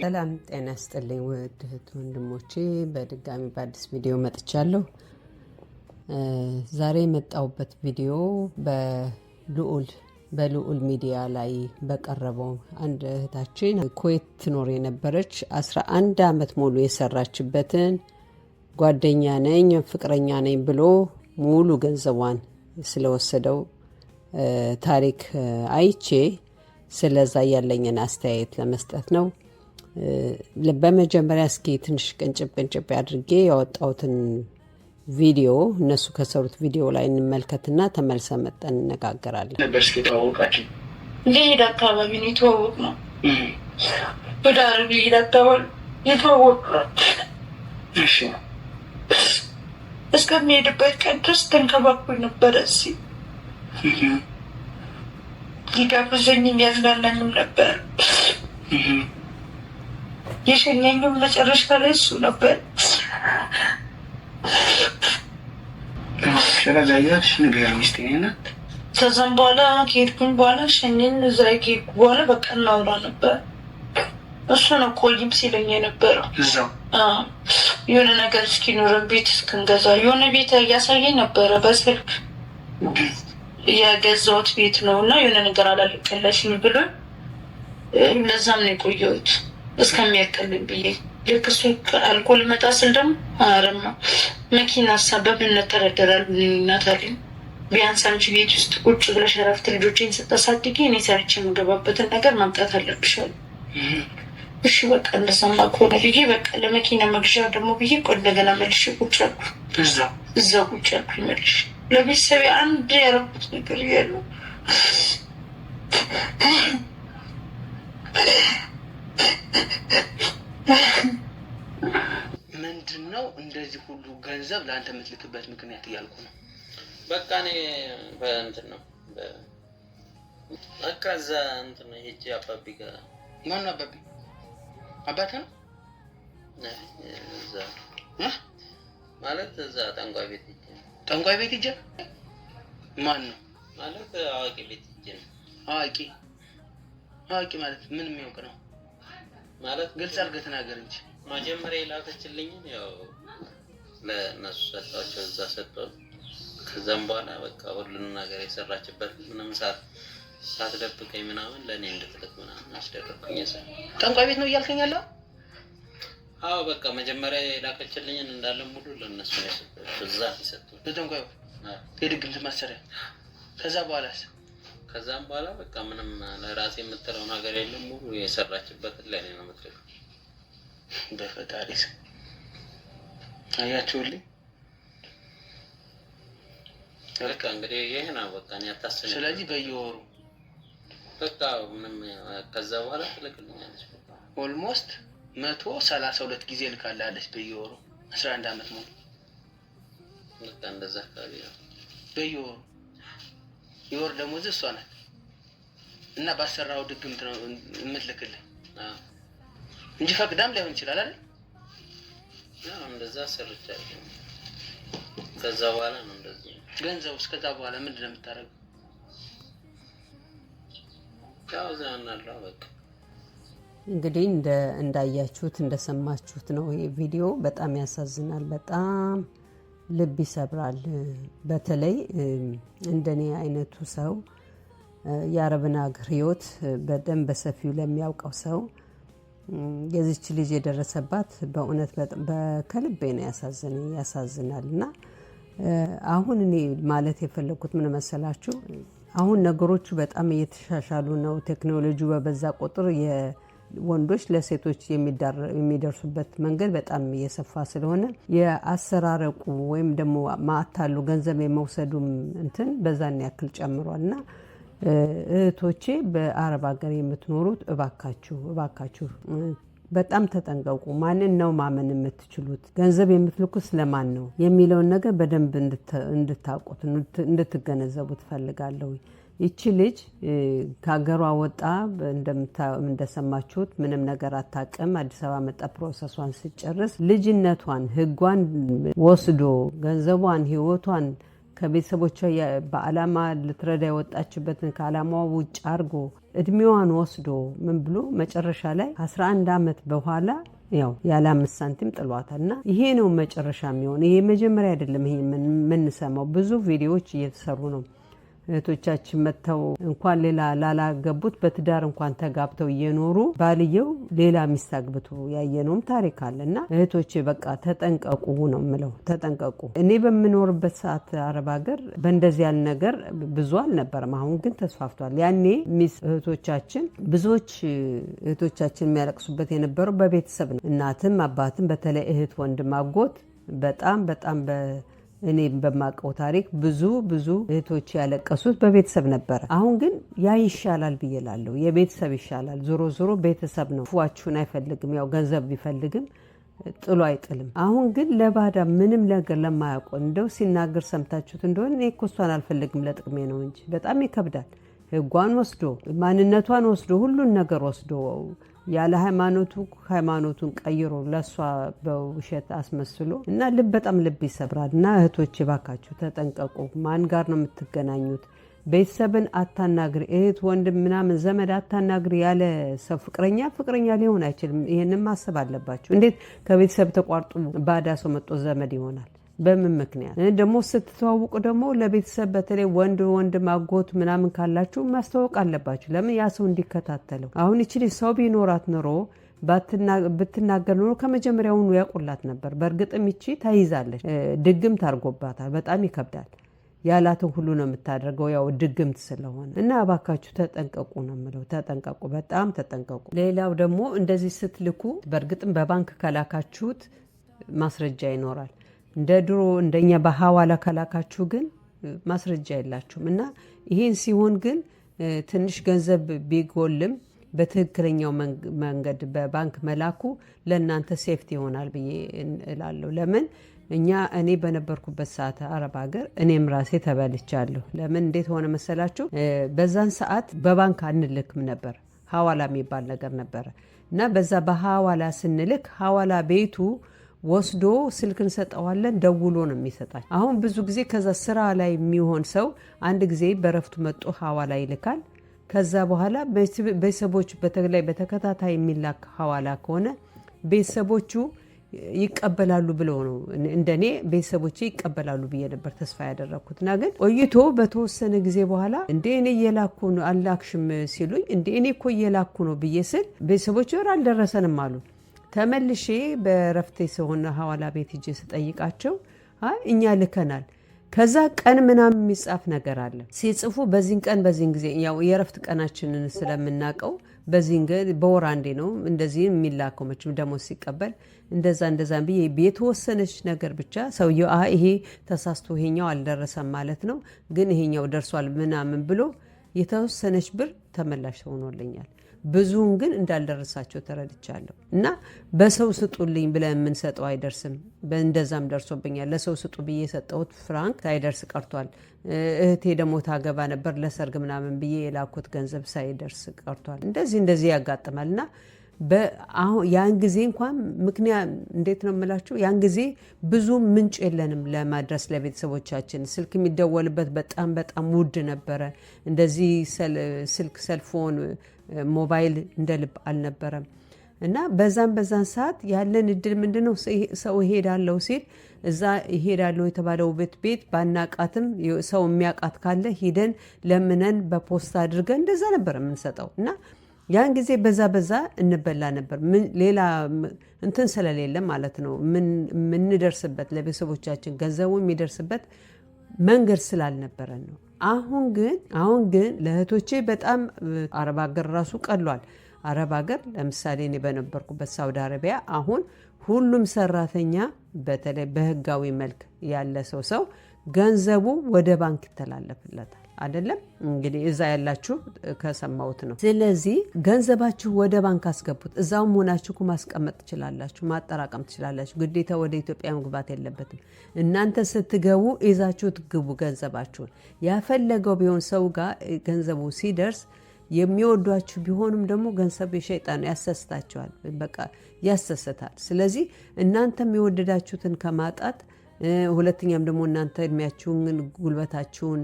ሰላም ጤና ስጥልኝ ውድ እህት ወንድሞቼ፣ በድጋሚ በአዲስ ቪዲዮ መጥቻለሁ። ዛሬ የመጣሁበት ቪዲዮ በልዑል በልዑል ሚዲያ ላይ በቀረበው አንድ እህታችን ኩዌት ትኖር የነበረች 11 ዓመት ሙሉ የሰራችበትን ጓደኛ ነኝ ፍቅረኛ ነኝ ብሎ ሙሉ ገንዘቧን ስለወሰደው ታሪክ አይቼ ስለዛ ያለኝን አስተያየት ለመስጠት ነው። በመጀመሪያ እስኪ ትንሽ ቅንጭብ ቅንጭብ አድርጌ ያወጣሁትን ቪዲዮ እነሱ ከሰሩት ቪዲዮ ላይ እንመልከትና ተመልሰ መጠን እነጋገራለን። ነበር እስኪ ተዋወቃችሁ? ልሄድ አካባቢ ነው የተዋወቅ ነው ዳር ልሄድ አካባቢ የተዋወቅ ነው። እስከሚሄድበት ቀን ድረስ ተንከባክቦኝ ነበረ እዚህ ሊጋብዘኝም ያዝናናኝም ነበር። የሸኘኝም መጨረሻ ላይ እሱ ነበር። ከዛም በኋላ ከሄድኩኝ በኋላ ሸኘኝ። እዛ ከሄድኩ በኋላ በቃ እናውራ ነበር። እሱ ነው ቆይም ሲለኝ የነበረው የሆነ ነገር እስኪኖረን ቤት እስክንገዛ የሆነ ቤት እያሳየኝ ነበረ በስልክ የገዛሁት ቤት ነው እና የሆነ ነገር አላልቅለሽም ብሎ ለዛም ነው የቆየሁት እስከሚያቀልኝ ብዬ ልክ እሱ አልኮል መጣ ስል ደግሞ አረማ መኪና ሀሳብ በምን እንተዳደራል እናታለን። ቢያንስ አንቺ ቤት ውስጥ ቁጭ ብለሽ እረፍት ልጆችን ስታሳድጊ እኔ ሰርቼ የምገባበትን ነገር ማምጣት አለብሻል። እሺ በቃ እንደሰማ ከሆነ ብዬ በቃ ለመኪና መግዣ ደግሞ ብዬ ቆ እንደገና መልሼ ቁጭ አልኩ። እዛ ቁጭ አልኩ ይመልሽ ለቤተሰቤ አንድ ያረኩት ነገር ያለው ምንድን ነው? እንደዚህ ሁሉ ገንዘብ ለአንተ የምትልክበት ምክንያት እያልኩ ነው። በቃ እኔ በእንትን ነው በቃ እዛ እንትን ነው አባቢ ጋር ማን ነው አባቢ? አባት ነው ማለት እዛ ጠንቋይ ቤት ጠንቋይ ቤት ሂጅ። ማን ነው ማለት? አዋቂ ቤት ሂጅ አዋቂ አዋቂ ማለት ምን የሚያውቅ ነው ማለት? ግልጽ አድርገህ ተናገር እንጂ መጀመሪያ የላከችልኝን ያው ለእነሱ ሰጣቸው፣ እዛ ሰጠው። ከዛም በኋላ በቃ ሁሉን ነገር የሰራችበት ምንም ሰዓት ሳትደብቀኝ ምናምን ለእኔ እንድትልክ ምናምን አስደረግኩኝ። ጠንቋይ ቤት ነው እያልከኝ ያለው አዎ በቃ መጀመሪያ የላከችልኝን እንዳለ ሙሉ ለነሱ ነው የሰጠሁት። የድግምት መሰሪያ። ከዛ በኋላስ? ከዛም በኋላ በቃ ምንም ለራሴ የምትለው ነገር የለም። ሙሉ የሰራችበትን ለእኔ ነው የምትልከው። በፈጣሪ ስም አያችሁልኝ። በቃ እንግዲህ ይህ ነው በቃ ያታስነ። ስለዚህ በየወሩ በቃ ምንም ከዛ በኋላ ትልክልኛለች ኦልሞስት መቶ ሰላሳ ሁለት ጊዜ ልካላለች በየወሩ አስራ አንድ አመት ሙሉ በቃ እንደዛ አካባቢ ነው በየወሩ የወር ደሞዝ እሷ ናት እና ባሰራው ድግምት ነው የምትልክልህ እንጂ ፈቅዳም ላይሆን ይችላል አይደል? እንደዛ ሰርቻለሁ። ከዛ በኋላ ነው እንደዚህ ገንዘቡ። እስከዛ በኋላ ምንድን ነው የምታደርገው? ያው በቃ እንግዲህ እንዳያችሁት እንደሰማችሁት ነው። ይህ ቪዲዮ በጣም ያሳዝናል፣ በጣም ልብ ይሰብራል። በተለይ እንደኔ አይነቱ ሰው የአረብን ሀገር ሕይወት በደንብ በሰፊው ለሚያውቀው ሰው የዚች ልጅ የደረሰባት በእውነት ከልቤ ነው ያሳዝነኝ፣ ያሳዝናል። እና አሁን እኔ ማለት የፈለግኩት ምን መሰላችሁ? አሁን ነገሮቹ በጣም እየተሻሻሉ ነው። ቴክኖሎጂ በበዛ ቁጥር ወንዶች ለሴቶች የሚደርሱበት መንገድ በጣም እየሰፋ ስለሆነ የአሰራረቁ ወይም ደግሞ ማታሉ ገንዘብ የመውሰዱም እንትን በዛን ያክል ጨምሯል እና እህቶቼ በአረብ ሀገር የምትኖሩት እባካችሁ እባካችሁ በጣም ተጠንቀቁ። ማንን ነው ማመን የምትችሉት? ገንዘብ የምትልኩት ስለማን ነው የሚለውን ነገር በደንብ እንድታውቁት እንድትገነዘቡ ትፈልጋለሁ። ይቺ ልጅ ከሀገሯ ወጣ፣ እንደሰማችሁት ምንም ነገር አታቅም። አዲስ አበባ መጣ። ፕሮሰሷን ስጨርስ ልጅነቷን ህጓን ወስዶ ገንዘቧን፣ ህይወቷን ከቤተሰቦቿ በአላማ ልትረዳ የወጣችበትን ከአላማዋ ውጭ አድርጎ እድሜዋን ወስዶ ምን ብሎ መጨረሻ ላይ 11 ዓመት በኋላ ያው ያለ አምስት ሳንቲም ጥሏታል። እና ይሄ ነው መጨረሻ የሚሆን። ይሄ መጀመሪያ አይደለም። ይሄ የምንሰማው ብዙ ቪዲዮዎች እየተሰሩ ነው። እህቶቻችን መጥተው እንኳን ሌላ ላላገቡት በትዳር እንኳን ተጋብተው እየኖሩ ባልየው ሌላ ሚስት አግብቶ ያየነውም ታሪክ አለ እና እህቶቼ በቃ ተጠንቀቁ ነው የምለው። ተጠንቀቁ። እኔ በምኖርበት ሰዓት አረብ ሀገር በእንደዚህ ያለ ነገር ብዙ አልነበረም። አሁን ግን ተስፋፍቷል። ያኔ ሚስ እህቶቻችን ብዙዎች እህቶቻችን የሚያለቅሱበት የነበረው በቤተሰብ ነው። እናትም አባትም፣ በተለይ እህት፣ ወንድም፣ አጎት በጣም በጣም እኔ በማቀው ታሪክ ብዙ ብዙ እህቶች ያለቀሱት በቤተሰብ ነበረ። አሁን ግን ያ ይሻላል ብዬ እላለሁ። የቤተሰብ ይሻላል። ዞሮ ዞሮ ቤተሰብ ነው። ፏችሁን አይፈልግም። ያው ገንዘብ ቢፈልግም ጥሎ አይጥልም። አሁን ግን ለባዳ ምንም ነገር ለማያውቀው እንደው ሲናገር ሰምታችሁት እንደሆነ እኔ እኮ እሷን አልፈልግም ለጥቅሜ ነው እንጂ በጣም ይከብዳል። ህጓን ወስዶ ማንነቷን ወስዶ ሁሉን ነገር ወስዶ ያለ ሃይማኖቱ ሃይማኖቱን ቀይሮ ለእሷ በውሸት አስመስሎ እና ልብ በጣም ልብ ይሰብራል። እና እህቶች ባካችሁ ተጠንቀቁ። ማን ጋር ነው የምትገናኙት? ቤተሰብን አታናግሪ፣ እህት ወንድም ምናምን ዘመድ አታናግሪ። ያለ ሰው ፍቅረኛ ፍቅረኛ ሊሆን አይችልም። ይህንም ማሰብ አለባችሁ። እንዴት ከቤተሰብ ተቋርጦ ባዳ ሰው መጦ ዘመድ ይሆናል? በምን ምክንያት ደግሞ ስትተዋውቁ ደግሞ ለቤተሰብ በተለይ ወንድ ወንድ ማጎት ምናምን ካላችሁ ማስተዋወቅ አለባችሁ። ለምን ያ ሰው እንዲከታተለው። አሁን ይችል ሰው ቢኖራት ኖሮ ብትናገር ኖሮ ከመጀመሪያውኑ ያውቁላት ነበር። በእርግጥም ይቺ ተይዛለች፣ ድግም ታርጎባታል። በጣም ይከብዳል። ያላትን ሁሉ ነው የምታደርገው፣ ያው ድግምት ስለሆነ እና እባካችሁ ተጠንቀቁ ነው የምለው። ተጠንቀቁ፣ በጣም ተጠንቀቁ። ሌላው ደግሞ እንደዚህ ስትልኩ በእርግጥም በባንክ ከላካችሁት ማስረጃ ይኖራል። እንደ ድሮ እንደኛ በሀዋላ ከላካችሁ ግን ማስረጃ የላችሁም እና ይህን ሲሆን ግን ትንሽ ገንዘብ ቢጎልም በትክክለኛው መንገድ በባንክ መላኩ ለእናንተ ሴፍቲ ይሆናል ብዬ እላለሁ። ለምን እኛ እኔ በነበርኩበት ሰዓት አረብ ሀገር እኔም ራሴ ተበልቻለሁ። ለምን እንዴት ሆነ መሰላችሁ? በዛን ሰዓት በባንክ አንልክም ነበር፣ ሀዋላ የሚባል ነገር ነበረ እና በዛ በሀዋላ ስንልክ ሀዋላ ቤቱ ወስዶ ስልክ እንሰጠዋለን። ደውሎ ነው የሚሰጣል። አሁን ብዙ ጊዜ ከዛ ስራ ላይ የሚሆን ሰው አንድ ጊዜ በረፍቱ መጦ ሐዋላ ይልካል። ከዛ በኋላ ቤተሰቦች በተለይ በተከታታይ የሚላክ ሐዋላ ከሆነ ቤተሰቦቹ ይቀበላሉ ብለው ነው እንደኔ ቤተሰቦቼ ይቀበላሉ ብዬ ነበር ተስፋ ያደረግኩትና ግን ቆይቶ በተወሰነ ጊዜ በኋላ እንዴ እኔ እየላኩ ነው አላክሽም ሲሉኝ እንዴ እኔ እኮ እየላኩ ነው ብዬ ስል ቤተሰቦች ወር አልደረሰንም አሉ። ተመልሼ በረፍቴ ስሆን ሀዋላ ቤት ሂጄ ስጠይቃቸው እኛ ልከናል። ከዛ ቀን ምናምን የሚጻፍ ነገር አለ። ሲጽፉ በዚህን ቀን በዚህን ጊዜ ያው የእረፍት ቀናችንን ስለምናውቀው በዚህን በወር አንዴ ነው እንደዚህ የሚላከው መቼም ደሞዝ ሲቀበል እንደዛ እንደዛ ብዬ የተወሰነች ነገር ብቻ ሰውየው ይሄ ተሳስቶ ይሄኛው አልደረሰም ማለት ነው፣ ግን ይሄኛው ደርሷል ምናምን ብሎ የተወሰነች ብር ተመላሽ ሆኖልኛል። ብዙውን ግን እንዳልደረሳቸው ተረድቻለሁ። እና በሰው ስጡልኝ ብለን የምንሰጠው አይደርስም። እንደዛም ደርሶብኛል። ለሰው ስጡ ብዬ የሰጠሁት ፍራንክ ሳይደርስ ቀርቷል። እህቴ ደግሞ ታገባ ነበር ለሰርግ ምናምን ብዬ የላኩት ገንዘብ ሳይደርስ ቀርቷል። እንደዚህ እንደዚህ ያጋጥማል እና ያን ጊዜ እንኳን ምክንያት እንዴት ነው የምላችሁ? ያን ጊዜ ብዙ ምንጭ የለንም ለማድረስ ለቤተሰቦቻችን። ስልክ የሚደወልበት በጣም በጣም ውድ ነበረ። እንደዚህ ስልክ ሰልፎን ሞባይል እንደ ልብ አልነበረም እና በዛን በዛን ሰዓት ያለን እድል ምንድነው ሰው ይሄዳለው ሲል እዛ ይሄዳለው የተባለው ቤት ቤት ባናቃትም ሰው የሚያውቃት ካለ ሂደን ለምነን በፖስታ አድርገን እንደዛ ነበር የምንሰጠው እና ያን ጊዜ በዛ በዛ እንበላ ነበር። ሌላ እንትን ስለሌለ ማለት ነው የምንደርስበት ለቤተሰቦቻችን ገንዘቡ የሚደርስበት መንገድ ስላልነበረን ነው። አሁን ግን አሁን ግን ለእህቶቼ በጣም አረብ ሀገር ራሱ ቀሏል። አረብ ሀገር ለምሳሌ እኔ በነበርኩበት ሳውዲ አረቢያ አሁን ሁሉም ሰራተኛ በተለይ በህጋዊ መልክ ያለ ሰው ሰው ገንዘቡ ወደ ባንክ ይተላለፍለታል። አይደለም እንግዲህ እዛ ያላችሁ ከሰማሁት ነው። ስለዚህ ገንዘባችሁ ወደ ባንክ አስገቡት። እዛውም ሆናችሁ ማስቀመጥ ትችላላችሁ፣ ማጠራቀም ትችላላችሁ። ግዴታ ወደ ኢትዮጵያ መግባት የለበትም። እናንተ ስትገቡ ይዛችሁት ግቡ ገንዘባችሁን። ያፈለገው ቢሆን ሰው ጋር ገንዘቡ ሲደርስ የሚወዷችሁ ቢሆንም ደግሞ ገንዘብ የሸይጣን ያሰስታቸዋል፣ በቃ ያሰስታል። ስለዚህ እናንተም የወደዳችሁትን ከማጣት ሁለተኛም ደግሞ እናንተ እድሜያችሁን ጉልበታችሁን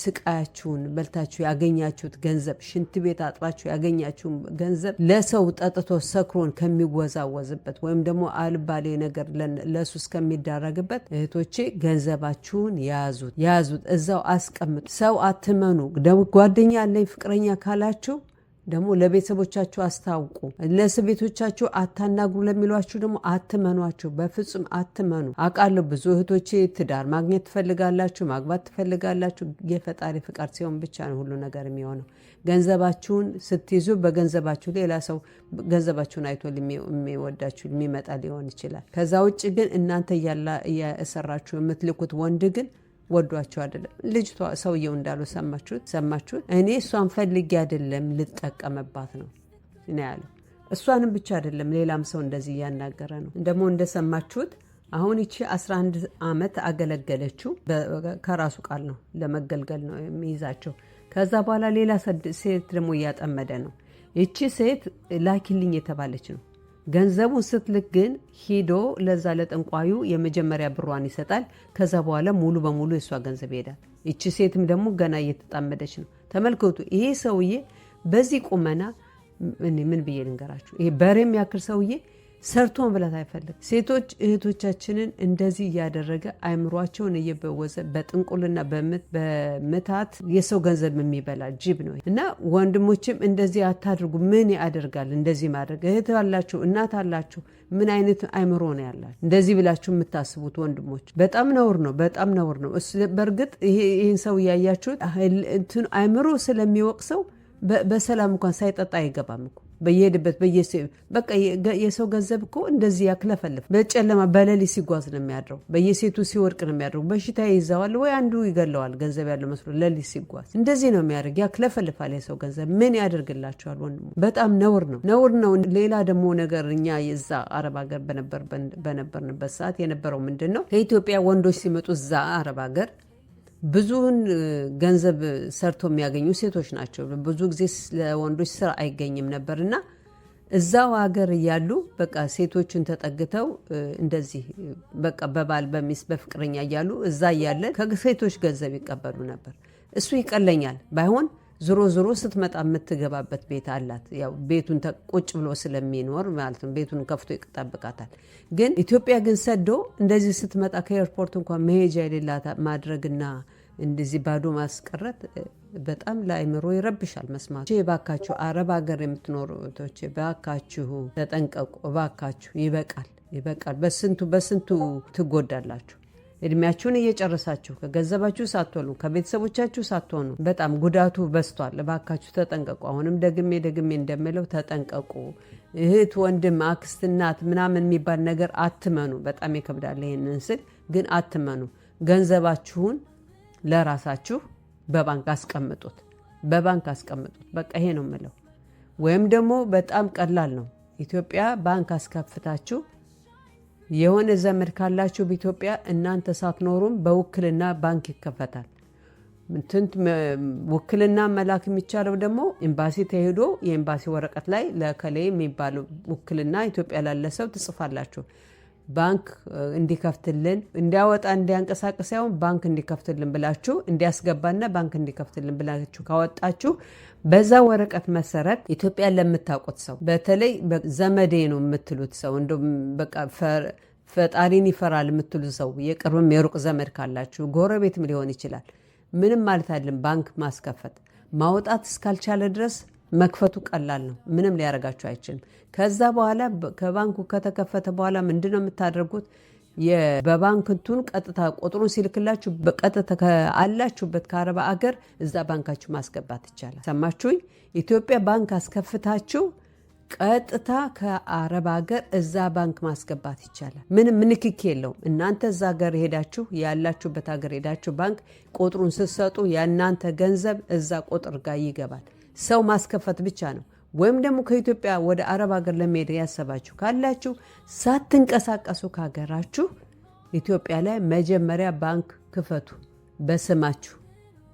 ስቃያችሁን በልታችሁ ያገኛችሁት ገንዘብ ሽንት ቤት አጥባችሁ ያገኛችሁን ገንዘብ ለሰው ጠጥቶ ሰክሮን ከሚወዛወዝበት ወይም ደግሞ አልባሌ ነገር ለሱ እስከሚዳረግበት እህቶቼ ገንዘባችሁን ያዙት ያዙት፣ እዛው አስቀምጡ። ሰው አትመኑ። ጓደኛ አለኝ ፍቅረኛ ካላችሁ ደግሞ ለቤተሰቦቻችሁ አስታውቁ። ቤቶቻችሁ አታናግሩ ለሚሏችሁ ደግሞ አትመኗችሁ፣ በፍጹም አትመኑ። አውቃለሁ ብዙ እህቶቼ ትዳር ማግኘት ትፈልጋላችሁ፣ ማግባት ትፈልጋላችሁ። የፈጣሪ ፍቃድ ሲሆን ብቻ ነው ሁሉ ነገር የሚሆነው። ገንዘባችሁን ስትይዙ በገንዘባችሁ ሌላ ሰው ገንዘባችሁን አይቶ የሚወዳችሁ የሚመጣ ሊሆን ይችላል። ከዛ ውጭ ግን እናንተ እየሰራችሁ የምትልኩት ወንድ ግን ወዷቸው አይደለም። ልጅቷ ሰውየው እንዳሉ ሰማችሁት ሰማችሁት። እኔ እሷን ፈልጌ አይደለም ልጠቀምባት ነው እኔ ያለው። እሷንም ብቻ አይደለም ሌላም ሰው እንደዚህ እያናገረ ነው። ደግሞ እንደሰማችሁት አሁን ይቺ 11 ዓመት አገለገለችው። ከራሱ ቃል ነው ለመገልገል ነው የሚይዛቸው። ከዛ በኋላ ሌላ ሴት ደግሞ እያጠመደ ነው። ይቺ ሴት ላኪልኝ የተባለች ነው ገንዘቡን ስትልክ ግን ሂዶ ለዛ ለጠንቋዩ የመጀመሪያ ብሯን ይሰጣል። ከዛ በኋላ ሙሉ በሙሉ የእሷ ገንዘብ ይሄዳል። ይቺ ሴትም ደግሞ ገና እየተጣመደች ነው። ተመልከቱ። ይሄ ሰውዬ በዚህ ቁመና ምን ብዬ ልንገራችሁ? ይሄ በሬ የሚያክል ሰውዬ ሰርቶ መብላት አይፈልግ። ሴቶች እህቶቻችንን እንደዚህ እያደረገ አይምሯቸውን እየበወዘ በጥንቁልና በምታት የሰው ገንዘብ የሚበላ ጅብ ነው እና ወንድሞችም እንደዚህ አታድርጉ። ምን ያደርጋል እንደዚህ ማድረግ? እህት አላችሁ፣ እናት አላችሁ። ምን አይነት አይምሮ ነው ያላችሁ? እንደዚህ ብላችሁ የምታስቡት ወንድሞች፣ በጣም ነውር ነው፣ በጣም ነውር ነው። በእርግጥ ይህን ሰው እያያችሁት አይምሮ ሰው በሰላም እንኳን ሳይጠጣ አይገባም እኮ በየሄድበት በየሰ በቃ የሰው ገንዘብ እኮ እንደዚህ ያክለፈልፍ። በጨለማ በሌሊት ሲጓዝ ነው የሚያድረው። በየሴቱ ሲወድቅ ነው የሚያድረው። በሽታ ይይዘዋል ወይ አንዱ ይገለዋል። ገንዘብ ያለው መስሎ ሌሊት ሲጓዝ እንደዚህ ነው የሚያደርግ። ያክለፈልፋል። የሰው ገንዘብ ምን ያደርግላቸዋል? ወንድሙ በጣም ነውር ነው፣ ነውር ነው። ሌላ ደግሞ ነገር እኛ የዛ አረብ ሀገር በነበርንበት ሰዓት የነበረው ምንድን ነው ከኢትዮጵያ ወንዶች ሲመጡ እዛ አረብ ሀገር ብዙውን ገንዘብ ሰርቶ የሚያገኙ ሴቶች ናቸው። ብዙ ጊዜ ለወንዶች ስራ አይገኝም ነበር እና እዛው ሀገር እያሉ በቃ ሴቶችን ተጠግተው እንደዚህ በቃ በባል በሚስ በፍቅረኛ እያሉ እዛ እያለ ከሴቶች ገንዘብ ይቀበሉ ነበር። እሱ ይቀለኛል ባይሆን ዝሮ ዝሮ ስትመጣ የምትገባበት ቤት አላት። ያው ቤቱን ቁጭ ብሎ ስለሚኖር ማለት ነው። ቤቱን ከፍቶ ይጠብቃታል። ግን ኢትዮጵያ ግን ሰዶ እንደዚህ ስትመጣ ከኤርፖርት እንኳን መሄጃ የሌላት ማድረግና እንደዚህ ባዶ ማስቀረት በጣም ለአይምሮ ይረብሻል። መስማት ባካችሁ፣ አረብ ሀገር የምትኖሩ እህቶች ባካችሁ ተጠንቀቁ። ባካችሁ። ይበቃል፣ ይበቃል። በስንቱ በስንቱ ትጎዳላችሁ። እድሜያችሁን እየጨረሳችሁ ከገንዘባችሁ ሳትሆኑ ከቤተሰቦቻችሁ ሳትሆኑ በጣም ጉዳቱ በስቷል። እባካችሁ ተጠንቀቁ። አሁንም ደግሜ ደግሜ እንደምለው ተጠንቀቁ። እህት፣ ወንድም፣ አክስት፣ እናት ምናምን የሚባል ነገር አትመኑ። በጣም ይከብዳል ይህንን ስል ግን አትመኑ። ገንዘባችሁን ለራሳችሁ በባንክ አስቀምጡት፣ በባንክ አስቀምጡት። በቃ ይሄ ነው የምለው። ወይም ደግሞ በጣም ቀላል ነው። ኢትዮጵያ ባንክ አስከፍታችሁ የሆነ ዘመድ ካላችሁ በኢትዮጵያ እናንተ ሳትኖሩም በውክልና ባንክ ይከፈታል። ትንት ውክልና መላክ የሚቻለው ደግሞ ኤምባሲ ተሄዶ የኤምባሲ ወረቀት ላይ ለከሌ የሚባለው ውክልና ኢትዮጵያ ላለ ሰው ትጽፋላችሁ። ባንክ እንዲከፍትልን እንዲያወጣ እንዲያንቀሳቀስ ሳይሆን ባንክ እንዲከፍትልን ብላችሁ እንዲያስገባና ባንክ እንዲከፍትልን ብላችሁ ካወጣችሁ በዛ ወረቀት መሰረት ኢትዮጵያ ለምታውቁት ሰው በተለይ ዘመዴ ነው የምትሉት ሰው እንደውም በቃ ፈጣሪን ይፈራል የምትሉት ሰው የቅርብም የሩቅ ዘመድ ካላችሁ ጎረቤትም ሊሆን ይችላል። ምንም ማለት አይደለም። ባንክ ማስከፈት ማውጣት እስካልቻለ ድረስ መክፈቱ ቀላል ነው። ምንም ሊያደርጋችሁ አይችልም። ከዛ በኋላ ከባንኩ ከተከፈተ በኋላ ምንድን ነው የምታደርጉት? በባንክ ቀጥታ ቁጥሩን ሲልክላችሁ በቀጥታ አላችሁበት ከአረባ አገር እዛ ባንካችሁ ማስገባት ይቻላል። ሰማችሁኝ? ኢትዮጵያ ባንክ አስከፍታችሁ ቀጥታ ከአረብ ሀገር እዛ ባንክ ማስገባት ይቻላል። ምንም ምንክክ የለውም። እናንተ እዛ ሀገር ሄዳችሁ ያላችሁበት ሀገር ሄዳችሁ ባንክ ቁጥሩን ስትሰጡ የእናንተ ገንዘብ እዛ ቁጥር ጋር ይገባል። ሰው ማስከፈት ብቻ ነው። ወይም ደግሞ ከኢትዮጵያ ወደ አረብ ሀገር ለመሄድ ያሰባችሁ ካላችሁ ሳትንቀሳቀሱ ካገራችሁ ኢትዮጵያ ላይ መጀመሪያ ባንክ ክፈቱ በስማችሁ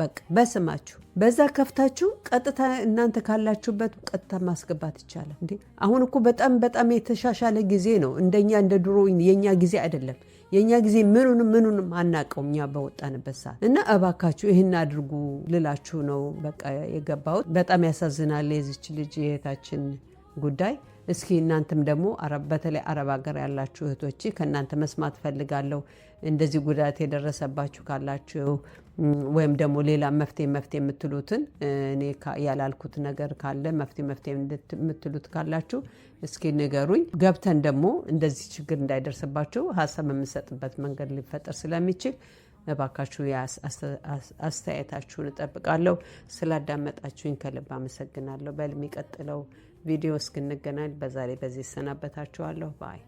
በቃ በስማችሁ በዛ ከፍታችሁ ቀጥታ እናንተ ካላችሁበት ቀጥታ ማስገባት ይቻላል። እንዴ አሁን እኮ በጣም በጣም የተሻሻለ ጊዜ ነው። እንደኛ እንደ ድሮ የኛ ጊዜ አይደለም። የእኛ ጊዜ ምኑንም ምኑንም አናቀው እኛ በወጣንበት ሰዓት እና እባካችሁ ይህን አድርጉ ልላችሁ ነው በቃ የገባሁት። በጣም ያሳዝናል የዚች ልጅ የእህታችን ጉዳይ። እስኪ እናንተም ደግሞ በተለይ አረብ ሀገር ያላችሁ እህቶች ከእናንተ መስማት ፈልጋለሁ። እንደዚህ ጉዳት የደረሰባችሁ ካላችሁ ወይም ደግሞ ሌላ መፍትሄ መፍትሄ የምትሉትን እኔ ያላልኩት ነገር ካለ መፍትሄ መፍትሄ የምትሉት ካላችሁ እስኪ ንገሩኝ። ገብተን ደግሞ እንደዚህ ችግር እንዳይደርስባችሁ ሀሳብ የምንሰጥበት መንገድ ሊፈጠር ስለሚችል እባካችሁ አስተያየታችሁን እጠብቃለሁ። ስላዳመጣችሁኝ ከልብ አመሰግናለሁ። በሚቀጥለው ቪዲዮ እስክንገናኝ በዛሬ በዚህ ይሰናበታችኋለሁ። ባይ